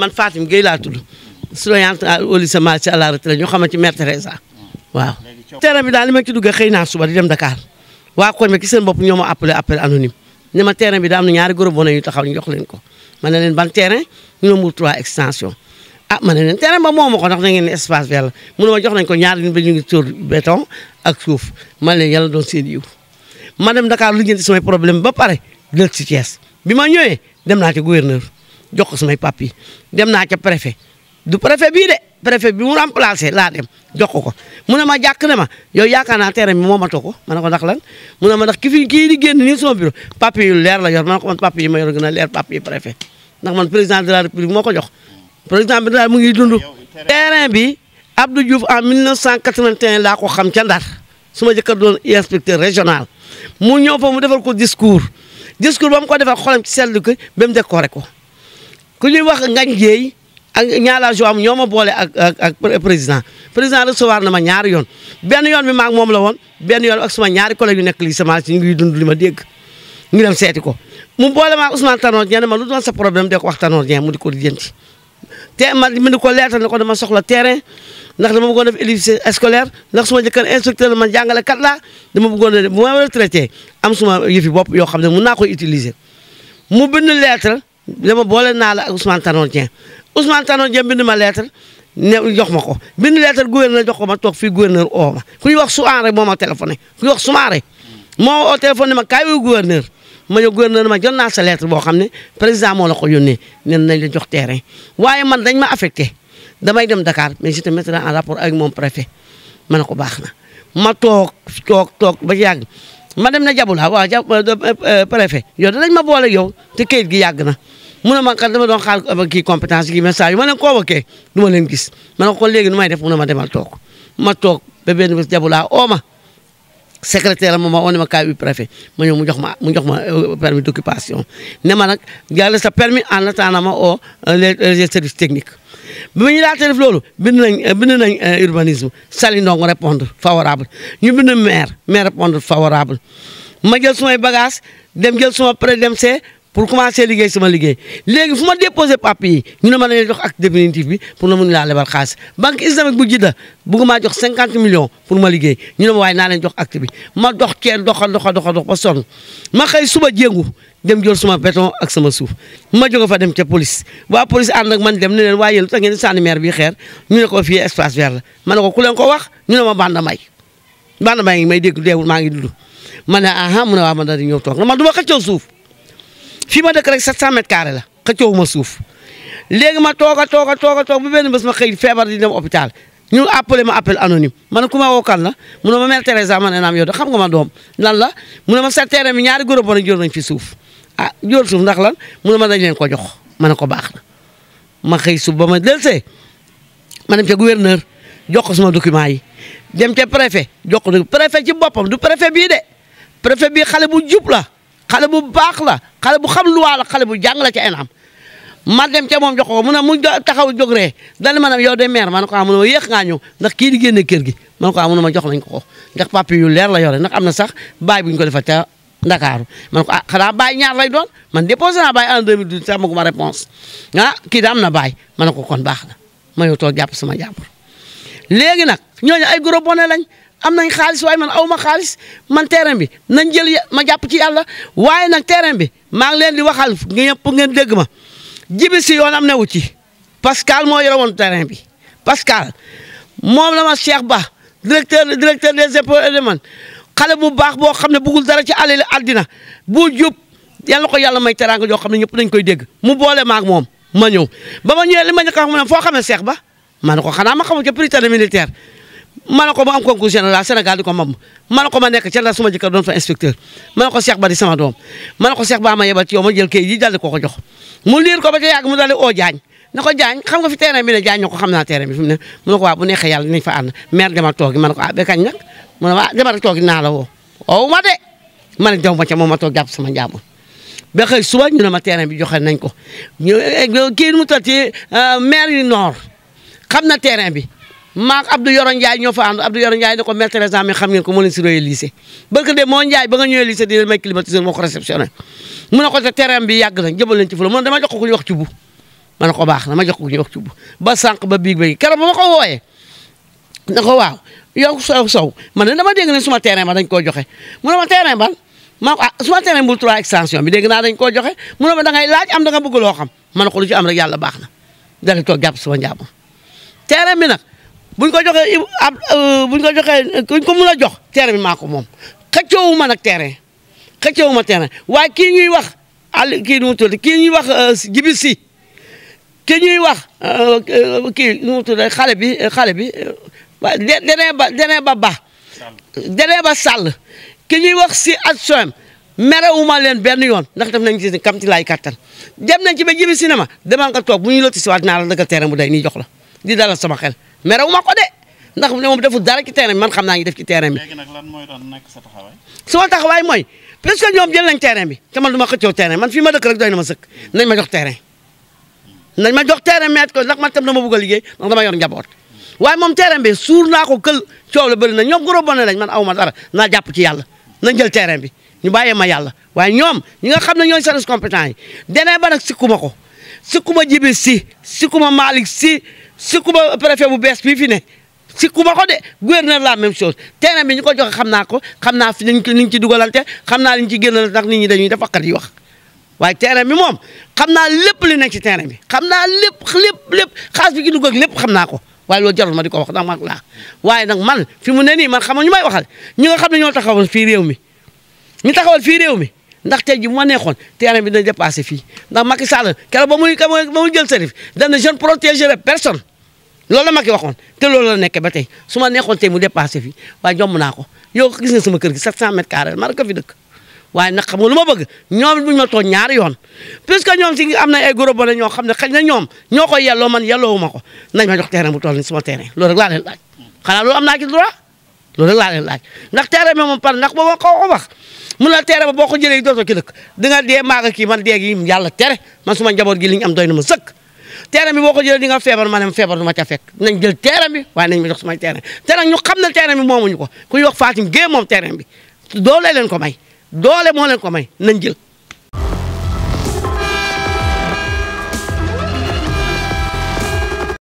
man Fatim Gueye laa tudd surveillante au ah, lycée Malick Sy à a retraite ñu xamante ci mère Teresa waaw. bi daal li ma ci duggee xëy naa suba di dem Dakar waa koñ bi ki seen bopp ñoo ma ne ma terrain bi daa na ñaari groupe bona yu taxaw ñu jox ma ne leen ban terrain ñu ne extension. ah ma ne leen terrain ba moomu ko ndax da ngeen ne la mu ne ma jox nañ ko ñaari ba ñu ngi tóor béton ak suuf ma leen yàlla doon seen ma dem Dakar jox ko samay papiers dem naa ca préfet du préfet bii de préfet bi mu remplacé laa dem jox ko ko mu ne ma jàkk ne ma yow yaakaar naa terrain bi moomatoo ko ma ne ko ndax lan mu ne ma ndax ki fi kii di génn nii sama bureau papier leer la yor ma ne ko man papier yi ma yor gën a leer papier préfet ndax man président de la république moo ko jox président bi daal mu ngi dund. terrain bi Abdou Diouf en 1981 laa ko xam ca Ndar su ma jëkkër doon inspecteur régional mu ñëw fa mu defal ko discours discours ba mu ko defal xolam ci seetlu ko ba mu ko. ku ñuy wax ngañ jéey ak ñaala jo am ñoo ma boole ak ak ak président président recevoir na ma ñaari yoon benn yoon bi maag moom la woon benn yoon ak suma ñaari collègue yu nekk li semence yi ñu ngi dund ma dégg ñu dem seeti ko mu boole maag Ousmane Tanor Dieng ma lu doon sa problème de ko wax Tanor Dieng mu di ko lijjanti te ma mu di ko leetal ne ko dama soxla terrain ndax dama bëggoon def éducation scolaire ndax suma jëkkër instructeur man jàngale kat laa dama bëggoon a bu ma retraité am suma yëfi bopp yoo xam ne mun naa koy utiliser mu bind leetal dama boole naa la ak Ousmane Tanor Dieng Ousmane Tanor Dieng bind ma lettre ne jox ma ko bind lettre gouverneur jox ko ma toog fii gouverneur oo ma ku ñuy wax Soumaré moo ma téléphoné ku ñuy wax Soumaré moo oo téléphoné ma kaay wu gouverneur ma ñëw gouverneur ma jot naa sa lettre boo xam ne président moo la ko yónnee nee nañ la jox terrain waaye man dañ ma affecté damay dem Dakar mais je en rapport avec mon préfet ma ne ko baax na ma toog toog toog ba yàgg. ma dem na jabulaa waaw ja euh, euh, euh, préfet yow danañ ma boole yow te kayit gi yàgg na mu ne ma kat dama doon xaar kii compétence gi mais saa yu ma leen convoqué du ma leen gis ma ne ko léegi nu may def mu ne ma demal ma toog ba benn bés jabulaa oo ma secrétaire am ma woon ma kaay bi préfet ma ñëw mu jox ma mu jox ma permis d' occupation ne ma nag jàll sa permis en attendant ma au les services techniques bi ñu laata def loolu bind nañ eh, bind nañ eh, urbanisme Sali Ndong répondre favorable ñu bind maire maire répondre favorable ma jël sumay bagage dem jël suma dem see pour commencer liggéey sama liggéey léegi fu ma déposé papier yi ñu ne ma dañuy jox acte définitif bi pour na mun laa lebal xaalis banque islamique bu jidda bëgg maa jox 50 millions pour ma liggéey ñu ne ma waaye naa leen jox bi ma dox keen doxa doxa doxa dox ba sonn ma xëy suba jéngu dem jël sama béton ak sama suuf ma jóge fa dem ca police waa police ànd ak man dem ne leen waaye yéen lu tax ngeen sànni bi xeer ñu ne ko fii espace vert la ma ne ko ku leen ko wax ñu ne ma banda may banda may ngi may dégg deewul maa ngi dudd ma ne aha mu ne waa man da di ñëw toog na man suuf fii ma dëkk rek 700 mètres carrés la xëccoowuma suuf léegi ma toog a toog a toog a toog bu benn bés ma xëy feebar di dem hôpital ñu appelé ma appel anonyme ma ne ku ma woo kan la mu ne ma mère Teresa ma ne naam yow de xam nga ma doom lan la mu ne ma sa terrain bi ñaari góor a bon a jóor nañ fi suuf ah jóor suuf ndax lan mu ne ma dañ leen ko jox ma ne ko baax ma xëy suuf ba ma delsee ma dem ca gouverneur jox suma document yi dem ca préfet jox ko préfet ci boppam du préfet bii de préfet bii xale bu jub la xale bu baax la xale bu xam luwaa la xale bu jàng la ca ENAM ma dem ca moom jox ko mu taxaw jogre ree dana ma ne yow de maire ma ne ko ah mu ne ma yéex ngaa ñëw ndax kii di génne kër gi ma ne ko ah mu ma jox nañ ko ko ndax papier yu leer la yore ndax am na sax baay bu ñu ko defal ca Ndakaaru ma ne ko ah xanaa baay ñaar lay doon man déposé naa baay en 2012 sax maguma réponse ah kii da am na baay ma ne ko kon baax na ma yow toog jàpp sama jàpp léegi nag ñooñu ay gros bonnet lañ am nañ xaalis waaye man aw ma xaalis man terrain bi nañ jël ma jàpp ci yàlla waaye nag terrain bi maa ngi leen di waxal ñëpp ngeen dégg ma jibi si yoon am newu ci Pascal moo yore woon terrain bi Pascal moom la ma Cheikh Ba directeur directeur des impôts et domaines xale bu baax boo xam ne bëggul dara ci alali addina bu jub yàlla ko yàlla may teraanga yoo xam ne ñëpp dañ koy dégg mu boole maag moom ma ñëw ba ma ñëwee li ma njëkk a foo mu ne foo xamee Cheikh Ba ma ne ko xanaa ma xamu ca prytanée militaire ma ne ko ma am concours général Sénégal di ko mam ma ne ko ma nekk ca la suma jëkkër doon fa inspecteur ma ne ko Cheikh Ba di sama doom ma ne ko Cheikh Ba ma yebal ci yow ma jël kayit yi daal di ko ko jox mu liir ko ba ca yàgg mu daal di oo jaañ na ko jaañ xam nga fi terrain bi ne jaañ na ko xam naa terrain bi fi mu ne mu ne ma ne ko ah ba kañ nag mu ne waa ah la woo o ma de ma ne jaw ma ca moom ma toog jàpp sama njaamur ba xëy suba ñu ne ma terrain bi joxe nañ ko eh, kii mu tati euh, maire yi nord xam na terrain bi maak Abdou Yoro Ndiaye ñoo fa ànd Abdou Yoro Ndiaye ne ko maîtresse mi xam ngeen ko moo leen si royee lycée barke de moo Ndiaye ba nga ñëwee lycée di leen may moo ko réceptionné mu ne ko te bi yàgg na jëbal leen ci fula mu ne dama jox ko ku ñuy wax ci bu ma ne ko baax dama jox ko ku ba sànq ba biig bay keroog ba ma ko wooyee ne waaw yow sow sow man ne dama dégg ne suma terrain ba dañ koo joxe mu ne ma terrain ban maa ko ah suma terrain bul trois extension bi dañ koo joxe mu ne dangay laaj am da bëgg loo xam ma ne ko lu ci yàlla baax na dale toog jàpp suma njàmm terrain bi nag buñ ko joxee ab euh, buñ ko joxee kuñ ko mën a jox terrain bi maa ko moom xëccoowu ma nag terrain xëccoowu ma terrain waaye kii ñuy wax àll kii nu mu kii ñuy wax jibi euh, si kii ñuy wax euh, kii nu mu tudd xale bi xale bi waaye denee ba denee ba ba denee ba sàll ki ñuy wax si ak soem merewuma leen benn yoon ndax def nañ ci kam ci laay kattan dem nañ ci ba jibi si na ma demal nga toog bu ñu lotti si waat naa la dëggal terrain bu day nii jox la di dalal sama xel merewu ma ko de ndax de deful dara ci terrain bi man xam naa ñu def ci terrain bi. léegi nag lan mooy doon nekk sa taxawaay. sama taxawaay mooy puisque ñoom jël nañ terrain bi te man du ma xëccoo terrain man fii ma dëkk doy na ma sëkk nañ ma jox terrain. nañ ma jox terrain ndax man tam dama a liggéey ndax dama yor njaboot waaye moom terrain bi suur naa ko kël coow la bëri na ñoom goro bone lañ man aw ma dara naa jàpp ci yàlla nañ jël terrain bi ñu bàyyee ma yàlla waaye ñoom ñi nga xam ne ñooy service compétent yi ba nag sikkuma ko sikkuma jibi si sikkuma Malick si sikkuma préfet bu bees bii fi ne sikkuma ko de gouverneur la même chose terrain bi ñu ko joxe xam naa ko xam naa fi nañ liñ ci dugalante xam naa liñ ci génnal ndax nit ñi dañuy def akkat yi wax waaye terrain bi moom xam naa lépp li nekk ci terrain bi xam naa lépp lépp lépp xaalis bi ki dugg ak lépp xam naa ko waaye loolu jarul ma di ko wax ndax mag laa waaye nag man fi mu ne nii man xam ma ñu may waxal ñi xam ne ñoo taxawal fii réew mi ñu taxawal fii réew mi ndax tey ji bu ma neexoon terrain bi dina dépassé fii ndax Macky Sall keroog ba muy ba muy jël serif dana jeune protégé personne loolu la ma ki waxoon te loolu la nekk ba tey su ma neexoon tey mu dépassé fi waaye jomb naa ko yow gis nga sama kër gi 700 mètres carrés ma ko fi dëkk waaye nag xam nga lu ma bëgg ñoom buñu ma tooñ ñaari yoon puisque ñoom si am na ay goro bone ñoo xam ne xëy na ñoom ñoo koy yelloo man yelloowu ma ko nañ ma jox terrain bu toll ni sama terrain loolu rek laa leen laaj xanaa loolu am naa ci droit loolu rek laaj ndax tere bi moom par ndax ba ma ko wax mun na tere ba boo ko jëlee dootoo ci dëkk di nga dee maaga kii man dee gi yàlla tere man suma njaboot gi li ñu am doy na ma sëkk terrain bi boo ko jëlee di nga feebar ma ne feebar du ma ca fekk nañ jël terrain bi waaye nañ ma jox sama terrain te nag ñu xam ne terrain bi moomuñu ko ku ñuy wax Fatim Gueye moom terrain bi doole leen ko may doole moo leen ko may nañ jël